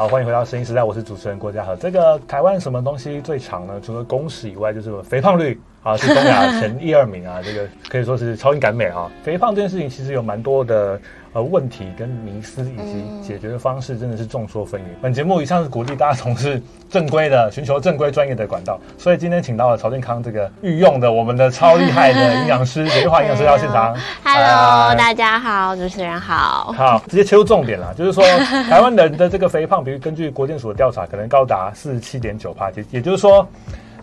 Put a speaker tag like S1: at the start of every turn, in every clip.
S1: 好，歡迎回到《生醫時代》，我是主持人郭家豪。這個台灣什麼東西最長呢？除了工時以外，就是肥胖率。好，是東亞前一二名啊， 這個可以說是超英趕美啊、哦。肥胖這件事情其實有蠻多的呃問題跟迷思，以及解決的方式真的是眾說紛紜。本節目以上是鼓勵大家從事正規的、尋求正規專業的管道，所以今天請到了潮健康這個御用的我們的超厲害的營養師、 簡鈺樺營養師到現場。 Hello，、呃、大
S2: 家好，主持人好。
S1: 好，直接切入重點了， 就是說台灣人的這個肥胖，比如根據國健署的調查，可能高達四十七點九趴，也也就是說。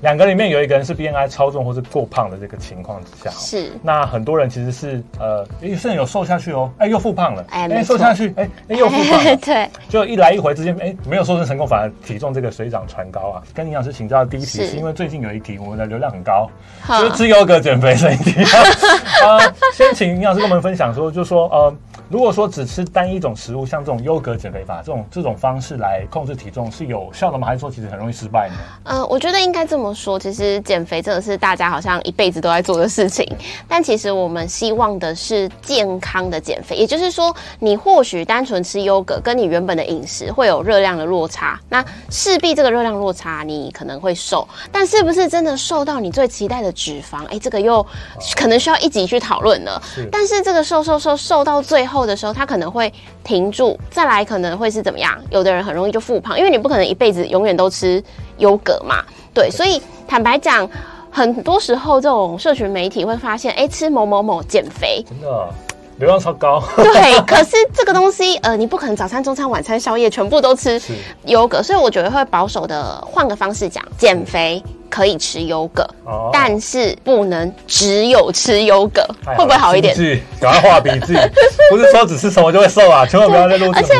S1: 兩個裡面有一個人是 BMI 超重，或是過胖的這個情況之下。是那很多人其實是呃、欸，甚至有瘦下去哦，哎、欸、又復胖了，哎、欸、因、欸、瘦下去，哎、欸、又復胖了、欸，對，就一來一回之間，哎、欸、沒有瘦身成功，反而體重這個水漲船高啊。跟營養師請教的第一題，是因為最近有一題我們的流量很高，是就是自由哥減肥這一題、嗯 呃、先請營養師跟我們分享說，就說呃。如果說只吃單一種食物，像這種優格減肥法，這種這種方式來控制體重是有效的嗎？還是說其實很容易失敗呢？
S2: 呃，我覺得應該這麼說，其實減肥這個是大家好像一輩子都在做的事情。但其實我們希望的是健康的減肥，也就是說，你或許單純吃優格，跟你原本的飲食會有熱量的落差，那勢必這個熱量落差你可能會瘦，但是不是真的瘦到你最期待的脂肪？哎、欸，這個又可能需要一集去討論呢。但是這個瘦瘦瘦瘦到最後。後的時候，他可能會停住，再來可能會是怎麼樣？有的人很容易就復胖，因為你不可能一輩子永遠都吃優格嘛，對。所以坦白講，很多時候這種社群媒體會發現，哎，欸，吃某某某減肥
S1: 真的哦。流
S2: 量超高， 對，可是這個東西，呃，你不可能早餐、中餐、晚餐、宵夜全部都吃優格，所以我覺得會保守的換個方式講，減肥可以吃優格、哦，但是不能只有吃優格，會不會好一點？是趕快畫筆記，
S1: 不是說只吃什麼就會瘦啊， 千萬不要再弄。而且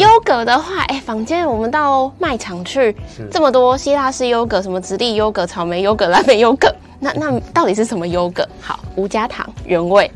S2: 優格的話，哎、欸，坊間我們到賣場去，這麼多希臘式優格、什麼直立優格、草莓優格、藍莓優格，那那到底是什麼優格？好，無加糖原味。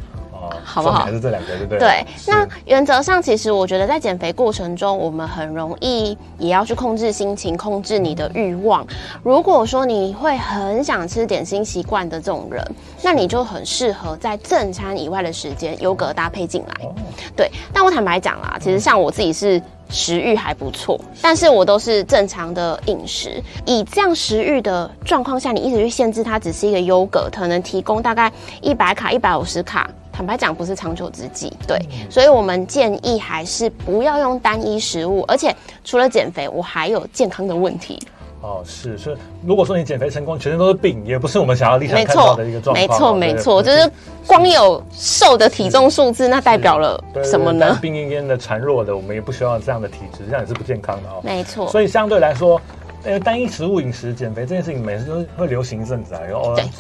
S2: 啊、好不好？還是這
S1: 兩個對對？
S2: 對，那原則上其實我覺得，在減肥過程中，我們很容易也要去控制心情，控制你的慾望、嗯。如果說你會很想吃點心習慣的這種人，那你就很適合在正餐以外的時間，優格搭配進來、嗯。對，但我坦白講啦，其實像我自己是食慾還不錯，但是我都是正常的飲食。以這樣食慾的狀況下，你一直去限制它，只是一個優格，可能提供大概一百卡、一百五十卡。坦白講，不是長久之計。對，嗯、所以，我們建議還是不要用單一食物。而且，除了減肥，我還有健康的問題。
S1: 哦，是，所以如果說你減肥成功，全身都是病，也不是我們想要立刻看到的一個狀況。沒錯，沒錯，就是
S2: 光有瘦的體重數字，那代表了什麼呢？對對對，
S1: 病懨懨的、孱弱的，我們也不希望這樣的體質，這樣也是不健康的哦。沒錯。所以，相對來說。呃、欸，單一食物飲食減肥這件事情，每次都會流行一陣子啊。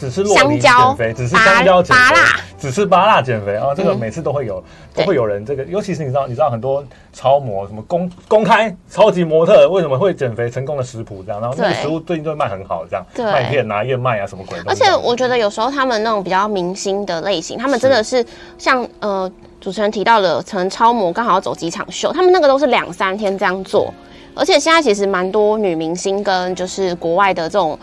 S1: 只吃香、香蕉減肥，只吃香蕉減肥，只吃芭樂減肥啊。這個每次都會有，都會有人這個，尤其是你知道，你知道很多超模什麼公、公開超級模特為什麼會減肥成功的食譜這樣，然後那個食物最近都賣很好這樣。對，麥片啊，燕麥啊，什麼鬼東西。而且
S2: 我覺得有時候他們那種比較明星的類型，他們真的是，是像呃主持人提到的，可能超模剛好要走幾場秀，他們那個都是兩三天這樣做。嗯。而且現在其實蠻多女明星跟就是國外的這種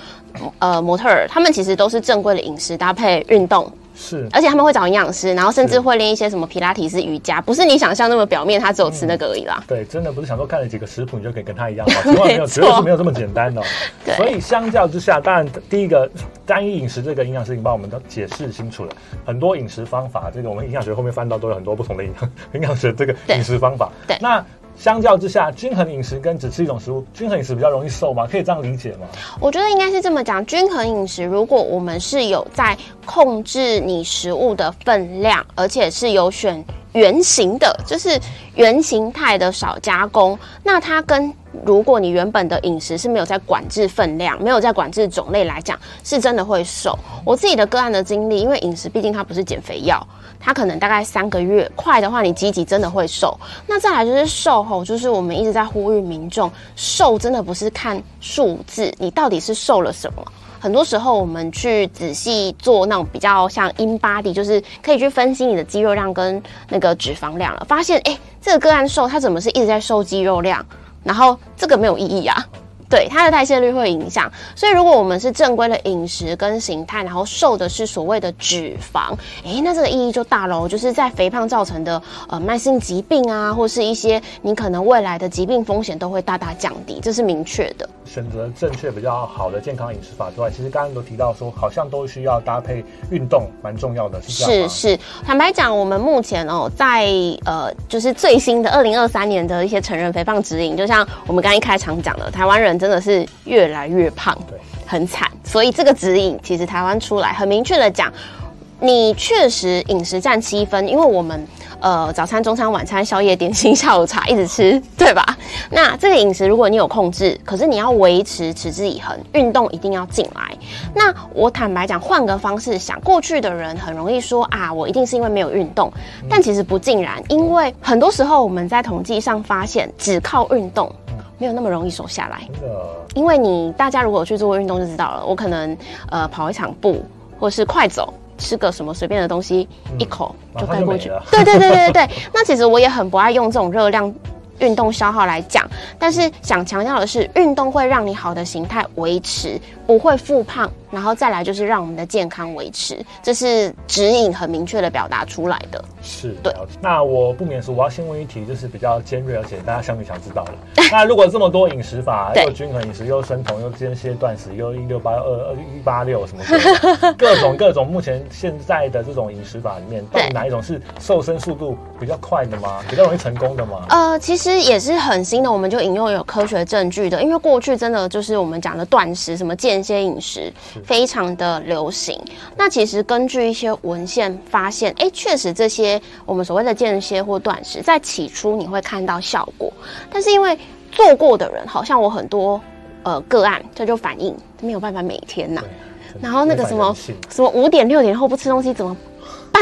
S2: 呃模特兒，他們其實都是正規的飲食搭配運動，
S1: 是，而且
S2: 他們會找營養師，然後甚至會練一些什麼皮拉提斯、是瑜伽，不是你想象那麼表面，他只有吃那個而已啦。嗯、
S1: 對，真的不是想說看了幾個食譜你就可以跟他一樣，完全沒有 沒，絕對是沒有這麼簡單的、喔。 所以相較之下，當然第一個單一飲食這個營養師已經幫我們都解釋清楚了，很多飲食方法，這個我們營養學後面翻到都有很多不同的營養營養學這個飲食方法，對那。對相較之下，均衡飲食跟只吃一種食物，均衡飲食比較容易瘦嗎？可以這樣理解嗎？
S2: 我覺得應該是這麼講，均衡飲食，如果我們是有在控制你食物的分量，而且是有選原型的，就是原型態的少加工，那它跟如果你原本的飲食是沒有在管制分量，沒有在管制種類來講，是真的會瘦。我自己的個案的經歷，因為飲食畢竟它不是減肥藥。他可能大概三個月，快的話你積極真的會瘦。那再來就是瘦吼，就是我們一直在呼籲民眾，瘦真的不是看數字，你到底是瘦了什麼？很多時候我們去仔細做那種比較像 In Body，就是可以去分析你的肌肉量跟那個脂肪量了，發現誒、欸、這個個案瘦他怎麼是一直在瘦肌肉量，然後這個沒有意義啊。對，它的代謝率會影響。所以，如果我們是正規的飲食跟形態，然後瘦的是所謂的脂肪，誒，那這個意義就大了哦。就是在肥胖造成的呃，慢性疾病啊，或是一些你可能未來的疾病風險都會大大降低，這是明確的。
S1: 選擇正確比較好的健康飲食法之外，其實剛剛都提到說，好像都需要搭配運動，蠻重要的是。是是，
S2: 坦白講，我們目前哦、喔，在呃，就是最新的二零二三年的一些成人肥胖指引，就像我們剛一開場講的，台灣人真的是越來越胖，對，很慘。所以這個指引其實台灣出來很明確的講，你確實飲食佔七分，因為我們。呃，早餐、中餐、晚餐、宵夜、點心、下午茶，一直吃，對吧？那這個飲食如果你有控制，可是你要維持持之以恆，運動一定要進來。那我坦白講，換個方式想，過去的人很容易說啊，我一定是因為沒有運動，但其實不盡然，因為很多時候我們在統計上發現，只靠運動沒有那麼容易瘦下來。因為你大家如果去做過運動就知道了，我可能呃跑一場步，或是快走。吃個什麼隨便的東西，嗯、一口就蓋過去、啊、了。對對對對對對。 那其實我也很不愛用這種熱量運動消耗來講，但是想強調的是，運動會讓你好的形態維持，不會復胖。然後再來就是讓我們的健康維持，這是指引很明確的表達出來的。
S1: 是，對。那我不免說我要先問一題，就是比較尖銳，而且大家想必想知道了。 那如果這麼多飲食法，又均衡飲食，又生酮，又間歇斷食，又一六八二二一八六什麼各種 各種，各種目前現在的這種飲食法裡面， 到底哪一種是瘦身速度比較快的嗎？比較容易成功的嗎？呃，
S2: 其實也是很新的，我們就引用有科學證據的，因為過去真的就是我們講的斷食，什麼間歇飲食。非常的流行。那其實根據一些文獻發現，哎、欸，確實這些我們所謂的間歇或斷食，在起初你會看到效果，但是因為做過的人，好像我很多呃個案，這就，就反映沒有辦法每天吶、啊。然後那個什麼什麼五點六點後不吃東西怎麼？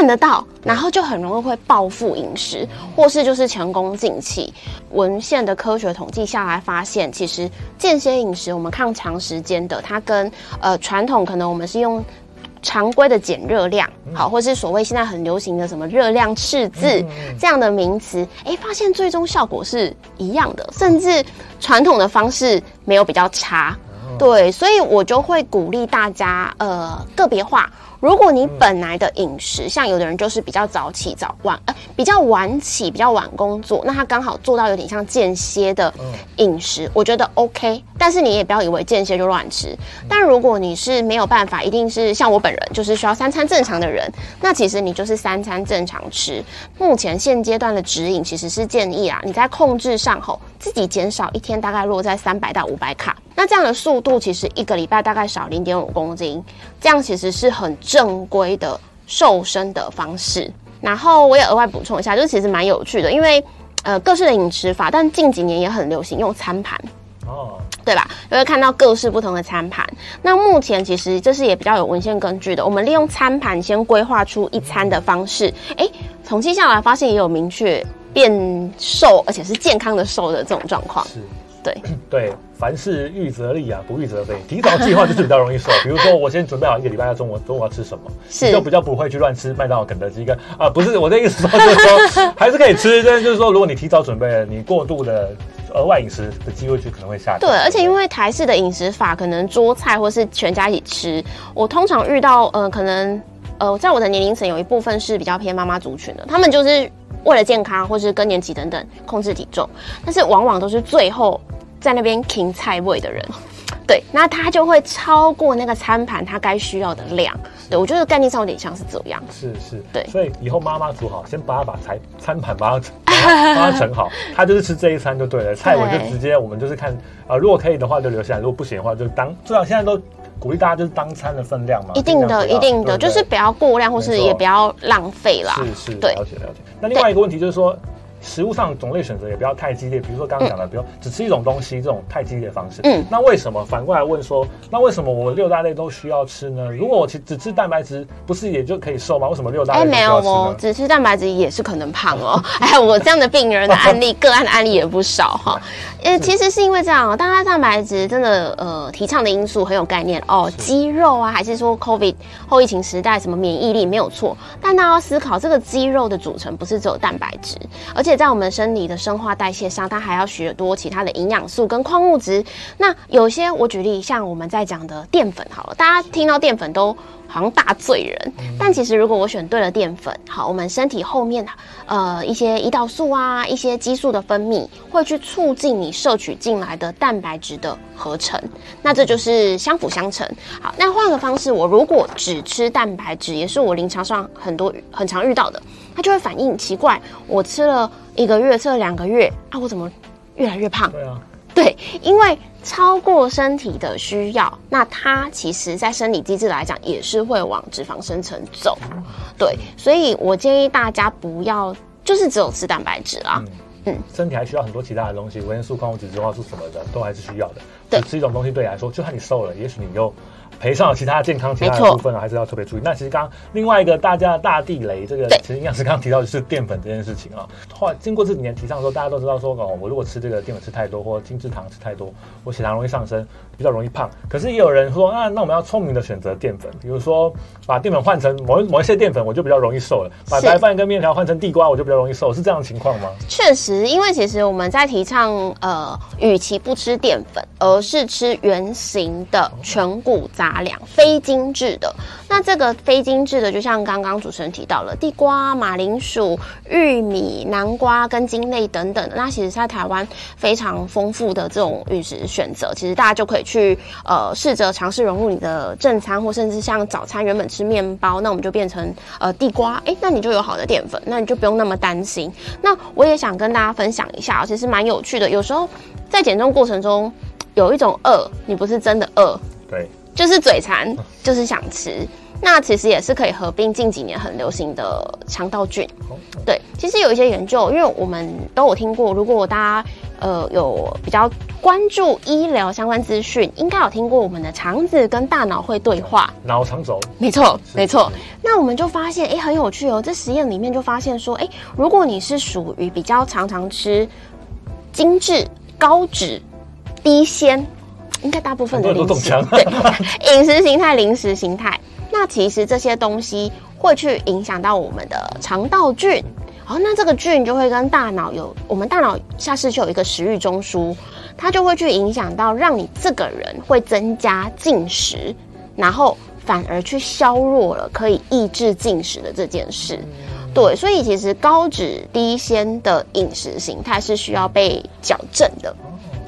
S2: 看得到，然後就很容易會報復飲食，或是就是前功盡棄。文獻的科學統計下來發現，其實間歇飲食，我們看長時間的，它跟、呃、傳統可能我們是用常規的減熱量，好，或是所謂現在很流行的什麼熱量赤字這樣的名詞，哎、欸，發現最終效果是一樣的，甚至傳統的方式沒有比較差。對，所以我就會鼓勵大家，呃，個別化。如果你本來的飲食，像有的人就是比較早起早晚，呃，比較晚起比較晚工作，那他剛好做到有點像間歇的飲食，我覺得 OK。但是你也不要以為間歇就亂吃。但如果你是沒有辦法，一定是像我本人就是需要三餐正常的人，那其實你就是三餐正常吃。目前現階段的指引其實是建議啦，你在控制上後自己減少一天大概落在三百到五百卡，那這樣的速度其實一個禮拜大概少零點五公斤，這樣其實是很。正規的瘦身的方式，然後我也額外補充一下，就是其實蠻有趣的，因為呃各式的飲食法，但近幾年也很流行用餐盤，哦，對吧？因為看到各式不同的餐盤，那目前其實這是也比較有文獻根據的，我們利用餐盤先規劃出一餐的方式，誒，統計下來發現也有明確變瘦，而且是健康的瘦的這種狀況，是，對，
S1: 對。凡事預則立啊，不預則廢。提早計劃就是比較容易瘦。 比如說，我先準備好一個禮拜的中午，中午要吃什麼，是你就比較不會去亂吃麥當勞、肯德基。跟、呃、啊，不是我的意思說，就是說還是可以吃， 但是就是說，如果你提早準備了，你過度的額外飲食的機會就可能會下降。對，而
S2: 且因為台式的飲食法，可能桌菜或是全家一起吃，我通常遇到呃，可能呃，在我的年齡層有一部分是比較偏媽媽族群的，他們就是為了健康或是更年期等等控制體重，但是往往都是最後，在那邊停菜尾的人，對，那他就會超過那個餐盤他該需要的量。對，我覺得概念上有點像是這樣。
S1: 是是。對，所以以後媽媽煮好，先把它把菜餐盤把它把它盛好， 他就是吃這一餐就對了。對，菜尾就直接我們就是看啊，呃，如果可以的話就留下來，如果不行的話就當。至少現在都鼓勵大家就是當餐的分量嘛，一定的一定的對對，就是不
S2: 要過量，或是也不要浪費啦。是是對，了解
S1: 了解。那另外一個問題就是說。食物上種類選擇也不要太激烈，比如說剛剛講的、嗯，比如只吃一種東西，這種太激烈的方式。嗯，那為什麼反過來問說，那為什麼我六大類都需要吃呢？如果我只只吃蛋白質，不是也就可以瘦嗎？為什麼六大類都需要吃呢？哎、欸，沒有哦，
S2: 只吃蛋白質也是可能胖哦。 哎，我這樣的病人的案例個 案的案例也不少哈、哦。 呃，其實是因為這樣，哦，當然蛋白質真的呃提倡的因素很有概念哦，肌肉啊，還是說 COVID 後疫情時代什麼免疫力沒有錯，但大家要思考這個肌肉的組成不是只有蛋白質，而且。在我們生理的生化代謝上，它還要許多其他的營養素跟礦物質。那有些我舉例，像我們在講的澱粉好了，大家聽到澱粉都好像大罪人，但其實如果我選對了澱粉，好，我們身體後面呃一些胰島素啊，一些激素的分泌會去促進你攝取進來的蛋白質的合成，那這就是相輔相成。好，那換個方式，我如果只吃蛋白質，也是我臨床上很多很常遇到的。他就會反應奇怪，我吃了一個月，吃了兩個月啊，我怎麼越來越胖？對啊，對，因為超過身體的需要，那它其實在生理機制來講也是會往脂肪生成走。嗯。對，所以我建議大家不要就是只有吃蛋白質啊嗯，嗯，
S1: 身體還需要很多其他的東西，維生素、礦物質、中是什麼的都還是需要的。對，只吃一種東西對你來說就算你瘦了，也許你又。賠上其他健康，其他的部分還是要特別注意。那其實剛另外一個大家大地雷這個，其實營養師剛剛提到就是澱粉這件事情啊。後來經過這幾年提倡說，大家都知道說哦，我如果吃這個澱粉吃太多，或精制糖吃太多，我血糖容易上升，比較容易胖。可是也有人說啊，那我們要聰明的選擇澱粉，比如說把澱粉換成某某一些澱粉，我就比較容易瘦了。把白飯跟麵條換成地瓜，我就比較容易瘦，是這樣的情況嗎？
S2: 確實，因為其實我們在提倡呃，與其不吃澱粉，而是吃原型的全穀雜。Oh, okay. 大量非精緻的，那這個非精緻的，就像剛剛主持人提到了，地瓜、馬鈴薯、玉米、南瓜跟根莖類等等的，那其實在台灣非常豐富的這種飲食選擇，其實大家就可以去呃試着嘗試融入你的正餐，或甚至像早餐原本吃面包，那我們就變成呃地瓜，哎、欸，那你就有好的澱粉，那你就不用那麼擔心。那我也想跟大家分享一下、喔，其實蠻有趣的。有時候在減重過程中有一種餓，你不是真的餓，對。就是嘴饞，就是想吃。那其實也是可以合併近幾年很流行的腸道菌、哦嗯。對，其實有一些研究，因為我們都有聽過，如果大家呃有比較關注醫療相關資訊，應該有聽過我們的腸子跟大腦會對話，
S1: 腦腸軸。
S2: 沒錯，沒錯。那我們就發現，哎、欸，很有趣哦、喔。這實驗裡面就發現說，哎、欸，如果你是屬於比較常常吃精致、高脂、低纖應該大部分的對飲食形態、零食形態， 那其實這些東西會去影響到我們的腸道菌。好、哦，那這個菌就會跟大腦有，我們大腦下視丘有一個食欲中樞，它就會去影響到，讓你這個人會增加進食，然後反而去削弱了可以抑制進食的這件事、嗯。對，所以其實高脂低纖的飲食形態是需要被矯正的。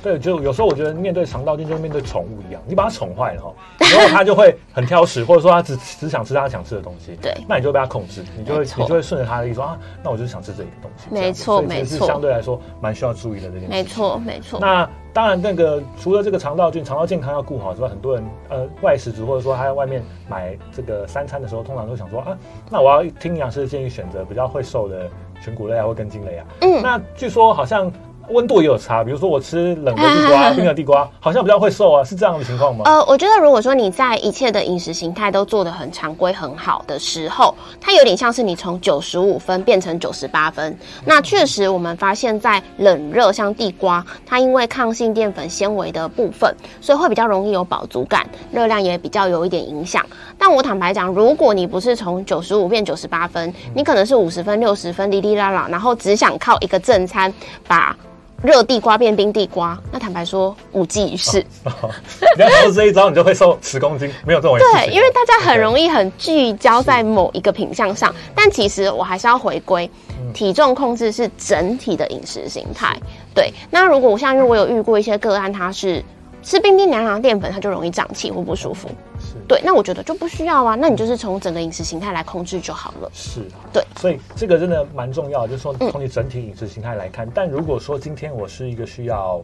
S1: 對，就有時候我覺得面對腸道菌，就是面對寵物一樣，你把它寵壞了哈，然後它就會很挑食， 或者說它只只想吃它想吃的東西。對，那你就被它控制，你就會你就會順着它的意思說，啊，那我就想吃這個東西。沒錯，沒錯，所以其實是相對來說蠻需要注意的這件事。沒錯，沒錯。那當然，那個除了這個腸道菌，腸道健康要顧好之外，很多人呃，外食族或者說他在外面買這個三餐的時候，通常都想說，啊，那我要聽營養師的建議，選擇比較會瘦的全谷類啊，或根莖類啊。嗯。那據說好像。溫度也有差，比如說我吃冷的地瓜、唉唉唉，冰的地瓜，好像比較會瘦啊，是這樣的情況嗎？呃，我
S2: 覺得如果說你在一切的飲食形態都做得很常規、很好的時候，它有點像是你從九十五分變成九十八分。那確實，我們發現在冷熱像地瓜，它因為抗性澱粉纖維的部分，所以會比較容易有飽足感，熱量也比較有一點影響。但我坦白講，如果你不是從九十五變九十八分，你可能是五十分、六十分，哩哩啦啦，然後只想靠一個正餐把熱地瓜變冰地瓜，那坦白說無
S1: 濟於事。你要做這一招，你就會瘦十公斤， 沒有這回事。對，因
S2: 為大家很容易很聚焦在某一個品項上，Okay. 但其實我還是要回歸體重控制是整體的飲食形態，嗯。對，那如果像因為我有遇過一些個案，它是吃冰冰涼涼的澱粉，它就容易脹氣或不舒服。嗯對，那我覺得就不需要啊，那你就是從整個飲食形態來控制就好了。
S1: 是啊，對，所以這個真的蠻重要的，就是說從你整體飲食形態來看，嗯。但如果說今天我是一個需要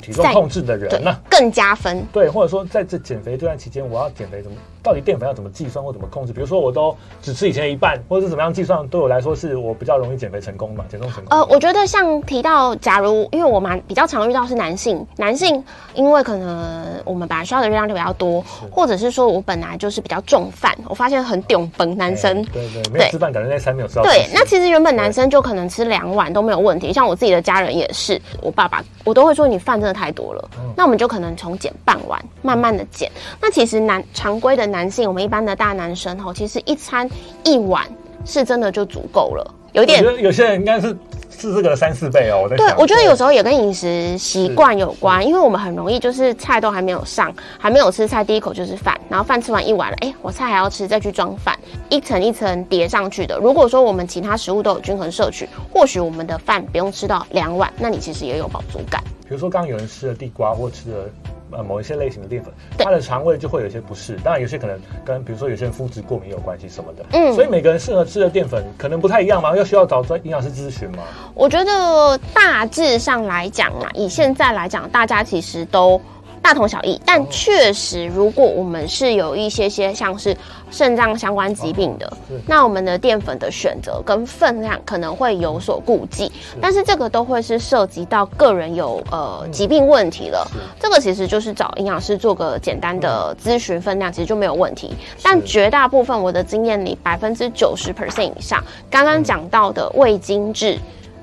S1: 體重控制的人呢，更加分。對，或者說在這減肥這段期間，我要減肥怎麼？到底澱粉要怎麼計算或怎麼控制？比如說，我都只吃以前一半，或者是怎麼樣計算，對我來說是我比較容易減肥成功吧，減重成
S2: 功。呃，我覺得像提到，假如因為我蠻比較常遇到是男性，男性因為可能我們本來需要的熱量就比較多，或者是說我本來就是比較重飯，我發現很頂崩。男生、欸、對，對對，沒有吃
S1: 飯等於在沒有吃到。吃對，那
S2: 其實原本男生就可能吃兩碗都沒有問題。像我自己的家人也是，我爸爸我都會說你飯真的太多了。嗯。那我們就可能從減半碗慢慢的減。那其實男常規的男男性，我們一般的大男生吼，其實一餐一碗是真的就足夠了，有點。
S1: 有些人應該是是這個三四倍哦，對，我覺得有
S2: 時候也跟飲食習慣有關，因為我們很容易就是菜都還沒有上，還沒有吃菜，第一口就是飯，然後飯吃完一碗了，哎、欸，我菜還要吃，再去裝飯，一層一層疊上去的。如果說我們其他食物都有均衡攝取，或許我們的飯不用吃到兩碗，那你其實也有飽足感。
S1: 比如說，剛剛有人吃了地瓜，或吃了。呃，某一些類型的澱粉，它的腸胃就會有些不適。當然，有些可能跟比如說有些人膚質過敏有關係什麼的。嗯，所以每個人適合吃的澱粉可能不太一樣嘛，又需要找專營養師諮詢嗎？
S2: 我覺得大致上來講啊，以現在來講，大家其實都。大同小異，但確實，如果我們是有一些些像是腎臟相關疾病的，那我們的澱粉的選擇跟分量可能會有所顧忌。但是這個都會是涉及到個人有呃疾病問題了，這個其實就是找營養師做個簡單的諮詢，分量其實就沒有問題。但絕大部分我的經驗裡，百分之九十 percent 以上，剛剛講到的未精緻。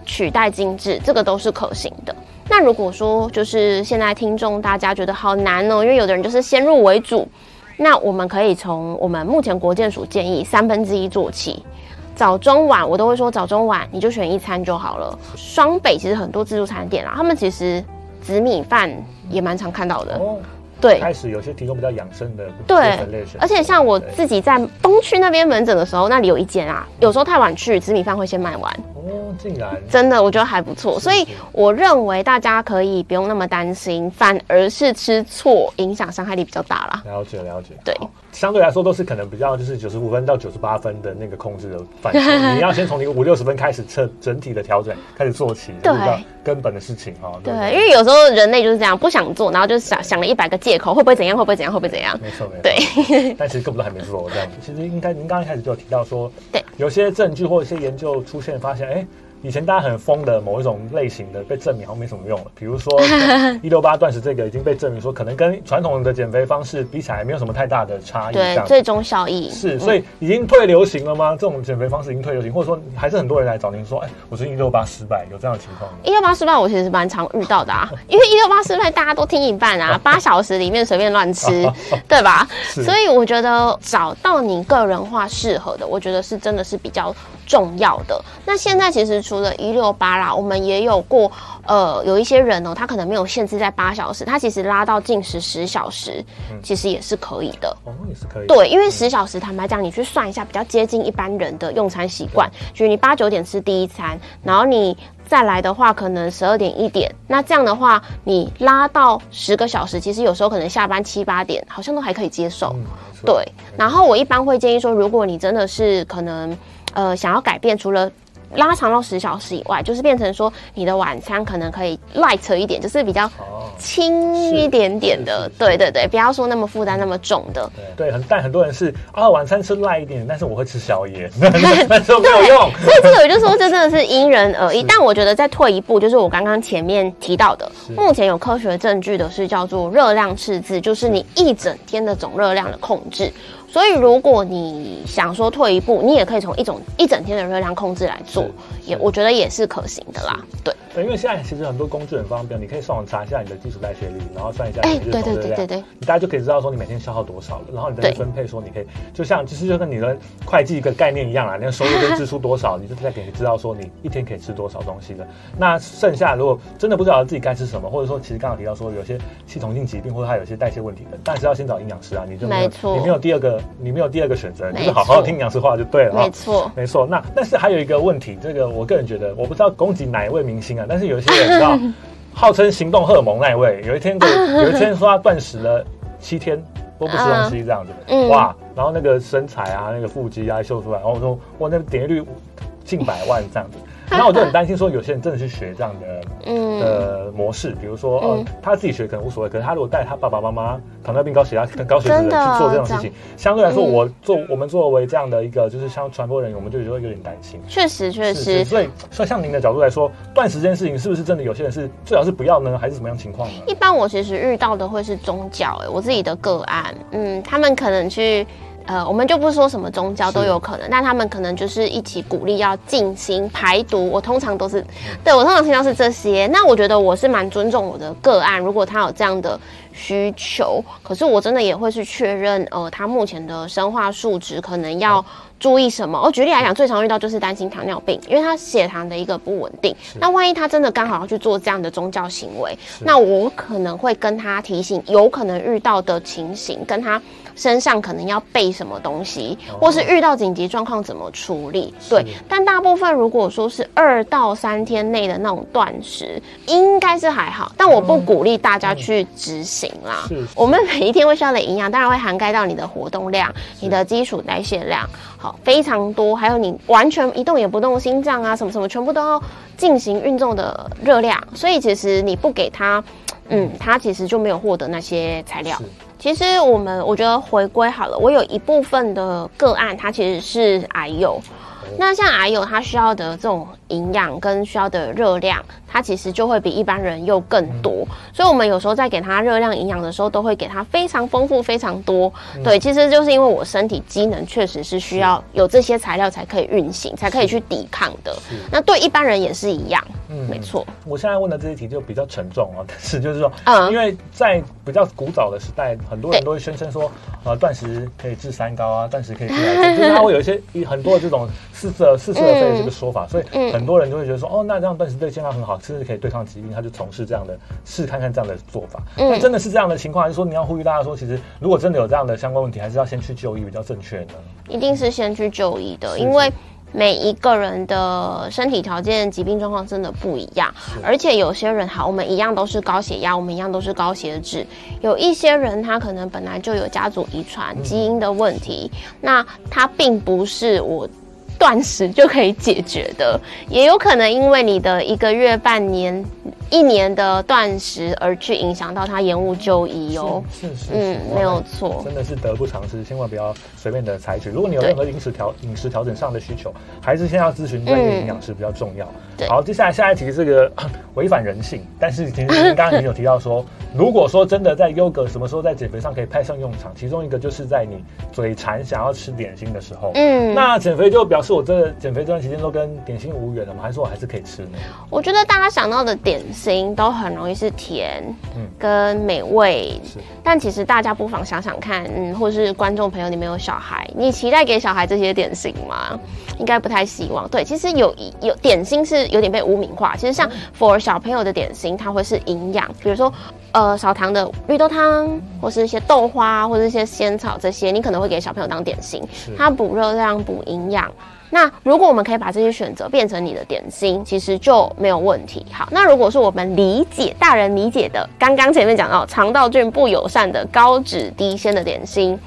S2: 取代精緻，這個都是可行的。那如果說就是現在聽眾大家覺得好難哦，因為有的人就是先入為主。那我們可以從我們目前國健署建議三分之一做起，早中晚，我都會說早中晚，你就選一餐就好了。雙北其實很多自助餐店啊，他們其實紫米飯也蠻常看到的。哦
S1: 對，開始有些提供比較養生的對，對而且
S2: 像我自己在東區那邊門診的時候，那裡有一間啊，有時候太晚去紫、嗯、米飯會先賣完哦、
S1: 嗯，竟然
S2: 真的，我覺得還不錯，所以我認為大家可以不用那麼擔心，反而是吃錯影響傷害力比較大啦。
S1: 了解了解，對，相對來說都是可能比較就是九十五分到九十八分的那個控制的範疇， 你要先從你五六十分開始測整體的調整開始做起，對。就是根本的事情哈，對，因
S2: 為有時候人類就是這樣，不想做，然後就是想想了一百個借口，會不會怎樣，會不會怎樣，會不會怎樣，沒錯，沒錯，對。
S1: 但其實根本都還沒做這樣，其實應該您剛一開始就提到說，對，有些證據或者一些研究出現，發現，哎。以前大家很瘋的某一種類型的被證明好像沒什麼用了，比如說一六八斷食這個已經被證明說可能跟傳統的減肥方式比起來沒有什麼太大的差異，對，最
S2: 終效益是，所以
S1: 已經退流行了嗎？嗯、這種減肥方式已經退流行，或者說還是很多人來找您說，哎、欸，我最近一六八失敗，有這樣的情況嗎？
S2: 一六八失敗我其實是蠻常遇到的啊， 因為一六八失敗大家都聽一半啊，八 小時裡面隨便亂吃， 對吧？ 所以我覺得找到你個人化適合的，我覺得是真的是比較。重要的，那現在其實除了一六八啦，我們也有過呃有一些人哦、喔，他可能沒有限制在八小時，他其實拉到進食十小時、嗯，其實也是可以的、哦，也是可以。對，因為十小時、嗯、坦白講，你去算一下，比較接近一般人的用餐習慣，就是你八九點吃第一餐，然後你再來的話，可能十二點一點，那這樣的話你拉到十個小時，其實有時候可能下班七八點，好像都還可以接受、嗯、沒錯。對，然後我一般會建議說，如果你真的是可能。呃，想要改變，除了拉長到十小時以外，就是變成說你的晚餐可能可以 light 一點，就是比較輕一點點的。哦。對對對，不要說那麼負擔那麼重的。
S1: 對，很但很多人是啊，晚餐吃 light 一點，但是我會吃宵夜， 對 但是沒有用。
S2: 所以這個我就是說，這真的是因人而異。哦。但我覺得再退一步，就是我剛剛前面提到的，目前有科學證據的是叫做熱量赤字，就是你一整天的總熱量的控制。所以，如果你想說退一步，你也可以從一種一整天的熱量控制來做，也我覺得也是可行的啦。
S1: 對，因為現在其實很多工具很方便，你可以上網查一下你的基礎代謝率，然後算一下你的哎，欸、對，對對對對對。你大家就可以知道說你每天消耗多少了，然後你再分配說你可以，就像其實就跟你的會計一個概念一樣啦，你的收入跟支出多少， 你就大概可以知道說你一天可以吃多少東西的。那剩下如果真的不知道自己該吃什麼，或者說其實剛好提到說有些系統性疾病或者還有一些代謝問題的，但是要先找營養師啊，你就沒有，沒你沒有第二個。你沒有第二個選擇，你就是、好好聽營養師話就對了、哦。沒錯，沒錯。那但是還有一個問題，這個我個人覺得，我不知道攻擊哪一位明星啊。但是有一些人知道，嗯、號稱行動荷爾蒙那一位，有一天就、嗯、有一天說他斷食了七天，都不吃東西這樣子、嗯。哇，然後那個身材啊，那個腹肌啊秀出來，然後我說哇，我那個點擊率近百萬這樣子。嗯 那我就很擔心，說有些人真的是學這樣的，嗯，的模式，比如說，呃，他自己學可能無所謂，可是他如果帶他爸爸媽媽糖尿病高、高血壓、高血脂的去做這種事情，相對來說，嗯、我做我們作為這樣的一個就是像傳播人員，我們就覺得有點擔心。確
S2: 實，確實所以，
S1: 所以像您的角度來說，斷食這件事情是不是真的？有些人是最好是不要呢，還是什麼樣情況呢？
S2: 一般我其實遇到的會是宗教、欸，我自己的個案，嗯，他們可能去。呃，我們就不是說什麼宗教都有可能，但他們可能就是一起鼓勵要進行排毒。我通常都是，對，我通常聽到是這些。那我覺得我是蠻尊重我的個案，如果他有這樣的需求，可是我真的也會去確認，呃，他目前的生化數值可能要、哦。注意什麼？我、哦、舉例來講，最常遇到就是擔心糖尿病，因為他血糖的一個不穩定。那萬一他真的剛好要去做這樣的宗教行為，那我可能會跟他提醒，有可能遇到的情形，跟他身上可能要備什麼東西，哦、或是遇到緊急狀況怎麼處理。對。但大部分如果說是二到三天內的那種斷食，應該是還好。但我不鼓勵大家去執行啦、哦哦。我們每一天會需要的營養，當然會涵蓋到你的活動量、你的基礎代謝量。好。非常多，還有你完全一動也不動，心臟、啊，心臟啊什麼什麼，全部都要進行運動的熱量，所以其實你不給它，嗯，它其實就沒有獲得那些材料。其實我們我覺得回歸好了，我有一部分的個案，它其實是癌友。那像癌友，他需要的這種。營養跟需要的熱量，它其實就會比一般人又更多，嗯、所以我們有時候在給它熱量、營養的時候，都會給它非常豐富、非常多、嗯。對，其實就是因為我身體機能確實是需要有這些材料才可以運行，才可以去抵抗的。那對一般人也是一樣。嗯，沒
S1: 錯。我現在問的這些題就比較沉重啊，但是就是說、嗯，因為在比較古早的時代，很多人都會宣稱說，呃，斷食可以治三高啊，斷食可以治癌症、啊， 就是它會有一些很多這種似是似是而非的這個說法，嗯、所以很。很多人就會覺得說，哦，那這樣斷食對健康很好，甚至可以對抗疾病，他就從事這樣的試看看這樣的做法。那、嗯、真的是這樣的情況，還是說你要呼籲大家說，其實如果真的有這樣的相關問題，還是要先去就醫比較正確呢？
S2: 一定是先去就醫的，是不是因為每一個人的身體條件、疾病狀況真的不一樣，而且有些人好，我們一樣都是高血壓，我們一樣都是高血脂，有一些人他可能本來就有家族遺傳基因的問題、嗯，那他並不是我斷食就可以解決的，也有可能因為你的一個月、半年、一年的斷食而去影響到它延誤就醫哦。是是，是，是、嗯，沒有錯，真的
S1: 是得不償失，千萬不要隨便的採取。如果你有任何飲食調飲食調整上的需求，還是先要諮詢專業營養師比較重要。好，接下來下一題是，這個違反人性，但是其實剛剛你有提到說， 如果說真的在優格什麼時候在減肥上可以派上用場，其中一個就是在你嘴饞想要吃點心的時候，嗯，那減肥就表示。我這減肥這段時間都跟點心無緣了嗎？還是說我還是可以吃
S2: 呢？我覺得大家想到的點心都很容易是甜跟美味，嗯，是。但其實大家不妨想想看，嗯，或是觀眾朋友裡面有小孩，你期待給小孩這些點心嗎？應該不太希望。對，其實有有點心是有點被污名化。其實像 for 小朋友的點心，它會是營養，比如說，呃，少糖的綠豆湯，或是一些豆花，或是一些仙草這些，你可能會給小朋友當點心，是它補熱量、補營養。那如果我們可以把這些選擇變成你的點心，其實就沒有問題。好，那如果是我們理解大人理解的，剛剛前面講到腸道菌不友善的高脂低纖的點心，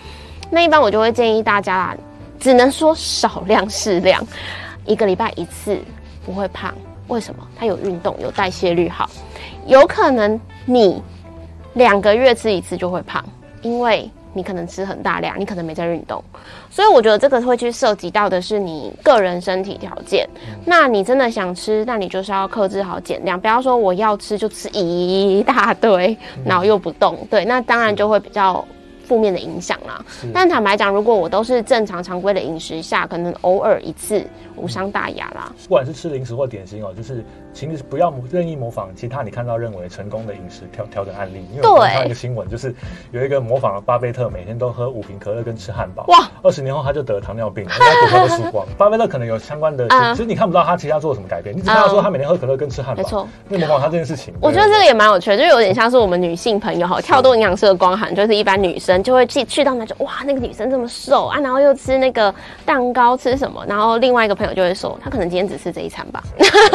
S2: 那一般我就會建議大家啦，只能說少量適量，一個禮拜一次不會胖。為什麼？它有運動，有代謝率，好，有可能你兩個月吃一次就會胖，因為。你可能吃很大量，你可能沒在運動，所以我覺得這個會去涉及到的是你個人身體條件、嗯。那你真的想吃，那你就是要克制好減量，不要說我要吃就吃一大堆，然後又不動，嗯、對，那當然就會比較負面的影響啦。但坦白講，如果我都是正常常規的飲食下，可能偶爾一次無傷大雅啦。
S1: 不管是吃零食或點心哦、喔，就是。請你不要任意模仿其他你看到、認為成功的飲食挑挑的案例，因為我剛剛看到一個新聞，就是有一個模仿的巴菲特，每天都喝五瓶可樂跟吃漢堡，哇，二十年後他就得糖尿病，人家骨頭都輸光。巴菲特可能有相關的，其、啊、實你看不到他其他做了什麼改變，啊、你只看到他說他每天喝可樂跟吃漢堡，沒錯，那模仿他這件事情，我覺得
S2: 這個也蠻有趣的，就有點像是我們女性朋友哈，跳動營養師的光環，就是一般女生就會去去到那種哇，那個女生這麼瘦啊，然後又吃那個蛋糕吃什麼，然後另外一個朋友就會說，她可能今天只吃這一餐吧，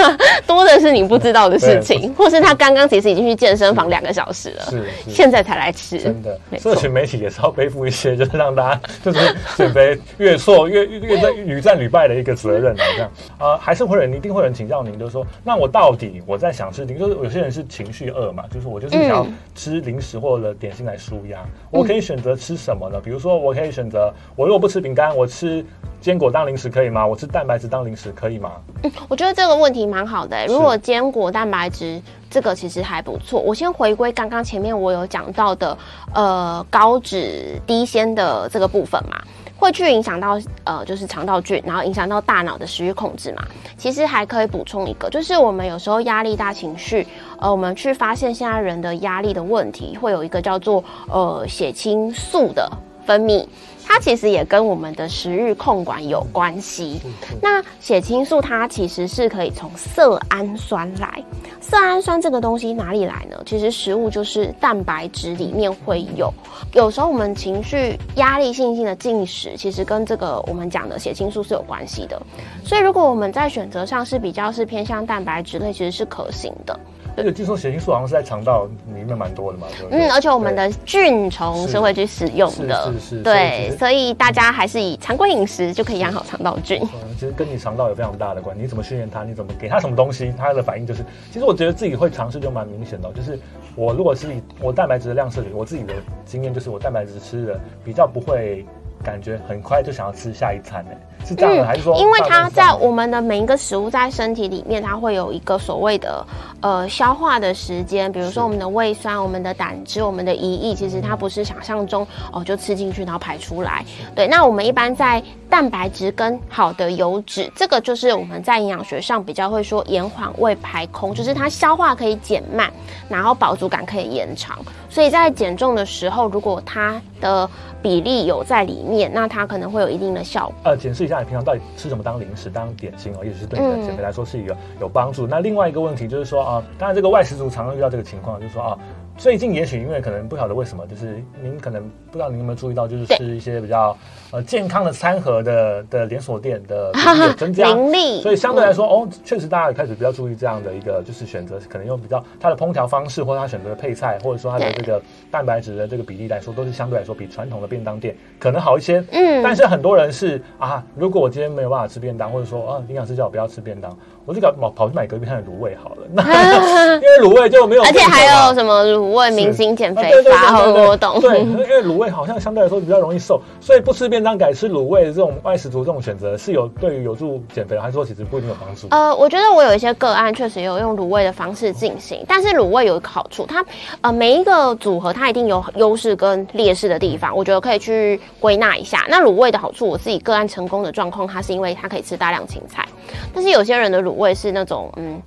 S2: 多的。這是你不知道的事情，或是他剛剛其實已經去健身房兩個小時了，是，是現在才來吃，真的，
S1: 沒錯。社群媒體也是要背負一些，就是讓大家就是減肥越挫越越在屢戰屢敗的一個責任的這樣啊，還是會有人一定會有人請教您，就是、說，那我到底我在想吃，就是有些人是情緒餓嘛，就是我就是想要吃零食或者點心來舒壓、嗯，我可以選擇吃什麼呢？比如說我可以選擇，我如果不吃餅乾，我吃堅果當零食可以嗎？我吃蛋白質當零食可以嗎？
S2: 我覺得這個問題蠻好的、欸，如做堅果，果蛋白質，這個其實還不錯。我先回歸剛剛前面我有講到的，呃，高脂低纖的這個部分嘛，會去影響到呃，就是腸道菌，然後影響到大腦的食欲控制嘛。其實還可以補充一個，就是我們有時候壓力大，情緒，呃，我們去發現現在人的壓力的問題，會有一個叫做呃血清素的分泌。它其實也跟我們的食慾控管有關係。那血清素它其實是可以從色氨酸來，色氨酸這個東西哪裡來呢？其實食物就是蛋白質裡面會有。有時候我們情緒壓力性性的進食，其實跟這個我們講的血清素是有關係的。所以如果我們在選擇上是比較是偏向蛋白質類，其實是可行的。
S1: 而且據說血清素好像是在腸道裡面蠻多的嘛，嗯，而且我們
S2: 的菌叢是會去使用的，是是,是,是。對所，所以大家還是以常規飲食就可以養好腸道菌。
S1: 嗯，其實跟你腸道有非常大的關係，你怎麼訓練它，你怎麼給它什麼東西，它的反應就是。其實我覺得自己會嘗試就蠻明顯的，就是我如果是以我蛋白質的量設定，我自己的經驗就是我蛋白質吃的比較不會。感覺很快就想要吃下一餐呢？欸，是這樣的還是說？嗯？因為它在
S2: 我們的每一個食物在身體裡面，它會有一個所謂的呃消化的時間。比如說我們的胃酸、我們的膽汁、我們的胰液，其實它不是想象中哦、呃、就吃進去然後排出來。對，那我們一般在。蛋白質跟好的油脂，這個就是我們在營養學上比較會說延緩胃排空，就是它消化可以減慢，然後飽足感可以延長。所以在減重的時候，如果它的比例有在裡面，那它可能會有一定的效果。
S1: 呃，解釋一下你平常到底吃什麼當零食當點心哦，也是對你的減肥來說是一個有幫，嗯，有幫助。那另外一個問題就是說啊，當然這個外食族常常遇到這個情況，就是說啊，最近也許因為可能不曉得為什麼，就是您可能不知道您有沒有注意到，就是是一些比較。呃，健康的餐盒的的連鎖店的，的增加，盈利。所以相對來說，哦，確實大家也開始比較注意這樣的一個，就是選擇可能用比較它的烹調方式，或者它選擇的配菜，或者說它的這個蛋白質的這個比例來說，都是相對來說比傳統的便當店可能好一些。嗯。但是很多人是啊，如果我今天沒有辦法吃便當，或者說啊營養師叫我不要吃便當，我就搞跑跑去買隔壁攤的滷味好了，因為滷味就沒有。而且還有
S2: 什麼滷味明星減肥法和我懂。對，對，
S1: 因為滷味好像相對來說比較容易瘦，所以不吃便。讓改吃滷味的這種外食族，這種選擇是有對於有助減肥，還是說其實不一定有
S2: 幫助？呃，我覺得我有一些個案確實有用滷味的方式進行，哦，但是滷味有一個好處，它呃每一個組合它一定有優勢跟劣勢的地方，我覺得可以去歸納一下。那滷味的好處，我自己個案成功的狀況，它是因為它可以吃大量芹菜，但是有些人的滷味是那種嗯。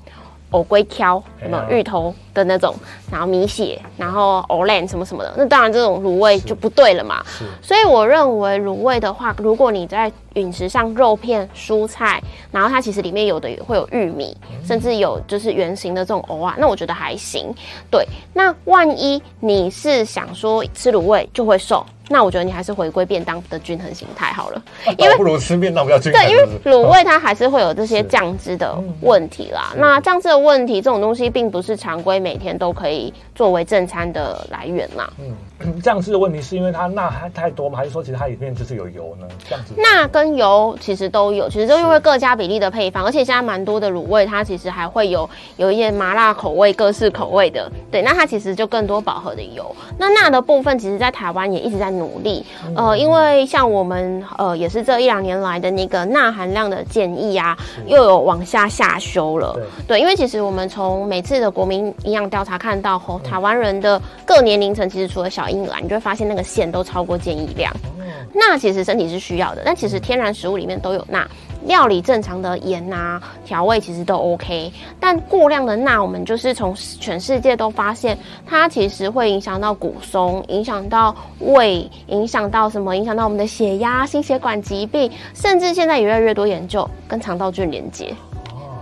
S2: 藕龜挑什麼芋頭的那種，然後米血，然後藕蓮什麼什麼的，那當然這種滷味就不對了嘛。所以我認為滷味的話，如果你在飲食上肉片、蔬菜，然後它其實裡面有的也會有玉米，甚至有就是圓形的這種藕啊。那我覺得還行。對，那萬一你是想說吃滷味就會瘦，那我覺得你還是回歸便當的均衡形態好
S1: 了。因為不如吃便當比較均衡，那不要對，因為滷味
S2: 它還是會有這些醬汁的問題啦。那醬汁的問題，這種東西並不是常規每天都可以。作為正餐的來源啦，嗯，
S1: 這樣子的問題是因為它鈉還太多嗎？還是說其實它裡面就是有油呢？這樣子，鈉
S2: 跟油其實都有，其實就因為各家比例的配方，而且現在蠻多的滷味，它其實還會有有一些麻辣口味，各式口味的，對，那它其實就更多飽和的油。那鈉的部分，其實在台灣也一直在努力，嗯，呃，因為像我們呃也是這一兩年來的那個鈉含量的建議啊，又有往下下修了，對，對，因為其實我們從每次的國民營養調查看到吼。台灣人的各年齡層，其實除了小嬰兒，你就會發現那個鈉都超過建議量。那其實身體是需要的，但其實天然食物裡面都有鈉，料理正常的鹽啊、調味其實都 OK。但過量的鈉，我們就是從全世界都發現，它其實會影響到骨鬆、影響到胃、影響到什麼、影響到我們的血壓、心血管疾病，甚至現在越來越多研究跟腸道菌連接。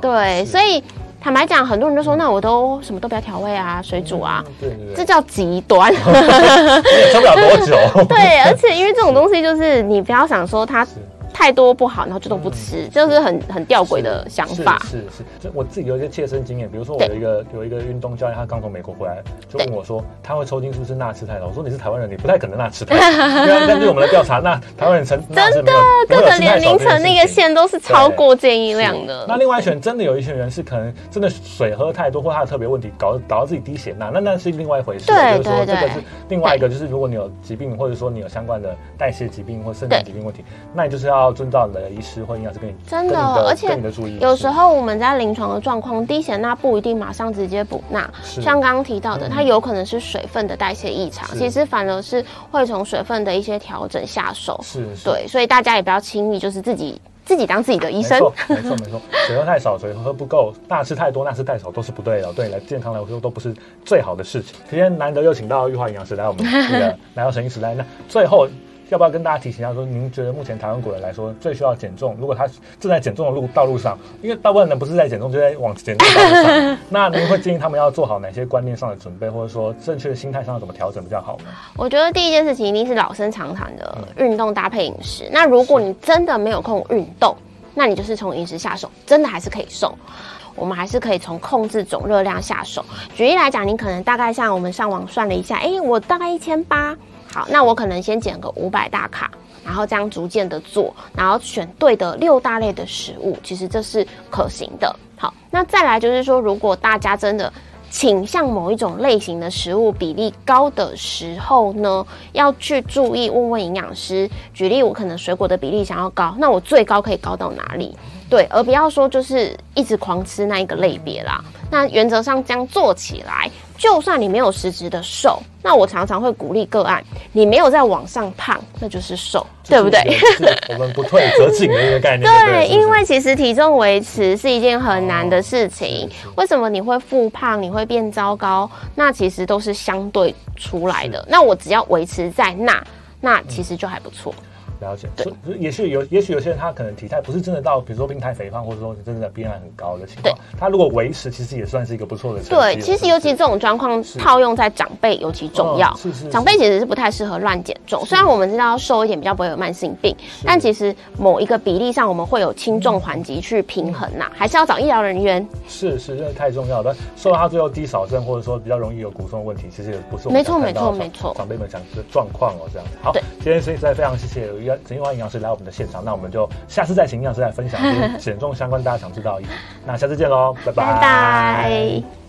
S2: 對，所以。坦白講，很多人都說：“那我都什麼都不要調味啊，水煮啊，嗯、對對對。這叫極
S1: 端了
S2: 對，而且因為這種東西就是，是你不要想說它。太多不好，然後就都不吃，嗯、就是很很吊詭的想法。是
S1: 是，是是我自己有一些切身經驗，比如說我有一個有一個運動教練，他剛從美國回來，就問我說，他會抽筋是不是鈉吃太多？我說你是台灣人，你不太可能鈉吃太多。根 據我們的調查，那台灣人成真的，各個年齡層那個線都是超過
S2: 建議量的。那
S1: 另外一群人，真的有一些人是可能真的水喝太多，或他的特別問題搞搞到自己低血鈉，那那是另外一回事。對對對，就是、說這個是另外一個對對對，就是如果你有疾病，或者說你有相關的代謝疾病或腎臟疾、疾病問題，那你就是要。要遵照你的醫師或營養師給你的真的、哦、跟你的，而且跟你的注意。有時
S2: 候我們在臨床的狀況，低血鈉不一定馬上直接補鈉。像剛剛提到的、嗯，它有可能是水分的代謝異常，其實反而是會從水分的一些調整下手。是、是，對，是是，所以大家也不要輕易就是自己自己當自己的醫生。沒
S1: 錯， 沒錯，水分太少，水分喝不夠，鈉吃太多，鈉吃太少，都是不對的。對你來健康來說，都不是最好的事情。今天難得又請到鈺樺營養師來，我們這 來到生醫時代，那最後。要不要跟大家提醒一下說，說您覺得目前台灣國人來說最需要減重，如果他正在減重的路道路上，因為大部分人不是在減重，就在往減重的道路上。 那您會建議他們要做好哪些觀念上的準備，或者說正確的心態上要怎麼調整比較好
S2: 呢？我覺得第一件事情一定是老生常談的運動搭配飲食、嗯。那如果你真的沒有空運動，那你就是從飲食下手，真的還是可以瘦。我們還是可以從控制總熱量下手。舉例來講，您可能大概像我們上網算了一下，哎、欸，我大概一千八。好，那我可能先減個五百大卡，然後這樣逐漸的做，然後選對的六大類的食物，其實這是可行的。好，那再來就是說，如果大家真的傾向某一種類型的食物比例高的時候呢，要去注意問問營養師。舉例，我可能水果的比例想要高，那我最高可以高到哪裡？對，而不要說就是一直狂吃那一個類別啦、嗯。那原則上這樣做起來，就算你沒有實質的瘦，那我常常會鼓勵個案，你沒有再往上胖，那就是瘦，是對不對？
S1: 我們不退則進的一個概念 對。對是是，因
S2: 為其實體重維持是一件很難的事情。哦、是是為什麼你會復胖？你會變糟糕？那其實都是相對出來的。那我只要維持在那，那其實就還不錯。嗯
S1: 了解。也許有，也許有些人他可能體態不是真的到，比如說病態肥胖，或者說你真的病態很高的情況，他如果維持，其實也算是一個不錯的成績。對，其實
S2: 尤其這種狀況，套用在長輩尤其重要。是、哦、是，是。長輩其實是不太適合亂減重，雖然我們知道瘦一點比較不會有慢性病，但其實某一個比例上，我們會有輕重緩急去平衡吶、啊嗯，還是要找醫療人員。
S1: 是是，是，真的太重要了。瘦到他最後肌少症，或者說比較容易有骨鬆的問題，其實也不是。沒錯沒錯沒錯。長輩們講的狀況哦，這樣子。好，今天實在非常謝謝。簡鈺樺營養師來我們的現場，那我們就下次再請營養師來分享減重相關，大家想知道的。那下次見嘍，拜 拜。Bye.